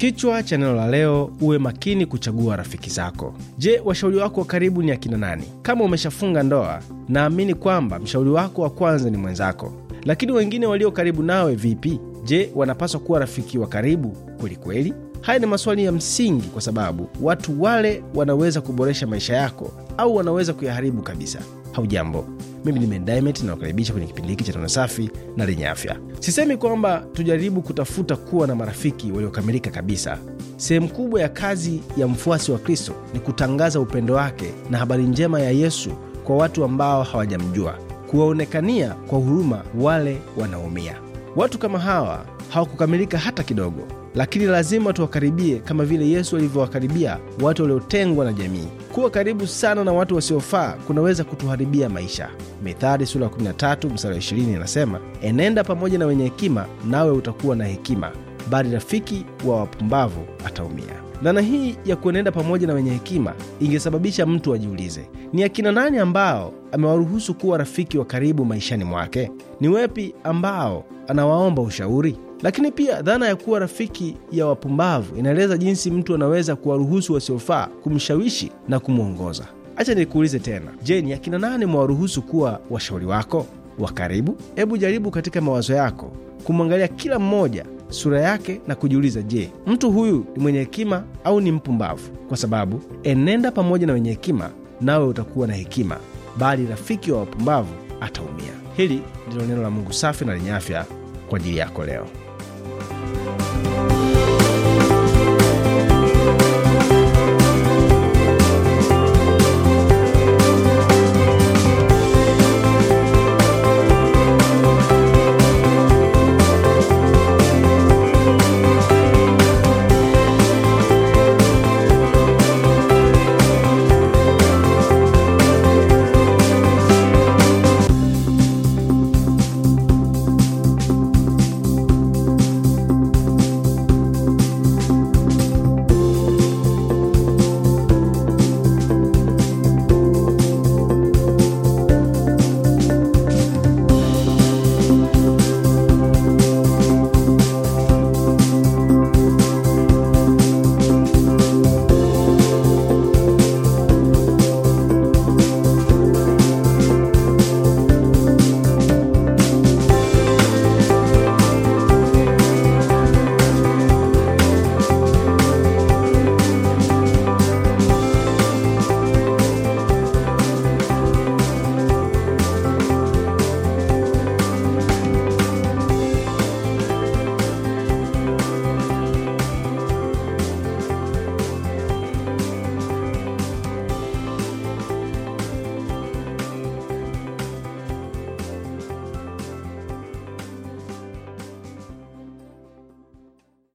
Kichwa cha neno la leo: uwe makini kuchagua rafiki zako. Je, washauri wako wa karibu ni akina nani? Kama umeshafunga ndoa, naamini kwamba mshauri wako wa kwanza ni mwenzako, lakini wengine walio karibu nawe vipi? Je, wanapaswa kuwa rafiki wa karibu kwelikweli? Haya ni maswali ya msingi, kwa sababu watu wale wanaweza kuboresha maisha yako au wanaweza kuyaharibu kabisa. Haujambo. Mimi ni Mendamet na nakaribisha kwenye kipindi hiki cha tano safi na lenye afya. Sisemi kwamba tujaribu kutafuta kuwa na marafiki waliokamilika kabisa. Sehemu kubwa ya kazi ya mfuasi wa Kristo ni kutangaza upendo wake na habari njema ya Yesu kwa watu ambao hawajamjua, kuwaonekania kwa huruma wale wanaumia. Watu kama hawa hawakukamilika hata kidogo, lakini lazima tuwakaribie kama vile Yesu alivyowakaribia watu waliotengwa na jamii. Kuwa karibu sana na watu wasiofaa kunaweza kutuharibia maisha. Mithali sura ya 13 mstari wa 20 inasema, enenda pamoja na wenye hekima, nawe utakuwa na hekima, bali rafiki wa wapumbavu ataumia. Dhana hii ya kuenenda pamoja na wenye hekima ingesababisha mtu ajiulize, ni akina nani ambao amewaruhusu kuwa rafiki wa karibu maishani mwake? Ni wepi ambao anawaomba ushauri? Lakini pia dhana ya kuwa rafiki ya wapumbavu inaeleza jinsi mtu anaweza kuwaruhusu wasiofaa kumshawishi na kumwongoza. Acha nikuulize tena, je, ni akina nani mewaruhusu kuwa washauri wako wa karibu? Hebu jaribu katika mawazo yako kumwangalia kila mmoja sura yake na kujiuliza, je, mtu huyu ni mwenye hekima au ni mpumbavu? Kwa sababu enenda pamoja na wenye hekima, nawe utakuwa na hekima, bali rafiki wa wapumbavu ataumia. Hili ndilo neno la Mungu safi na lenye afya kwa ajili yako leo.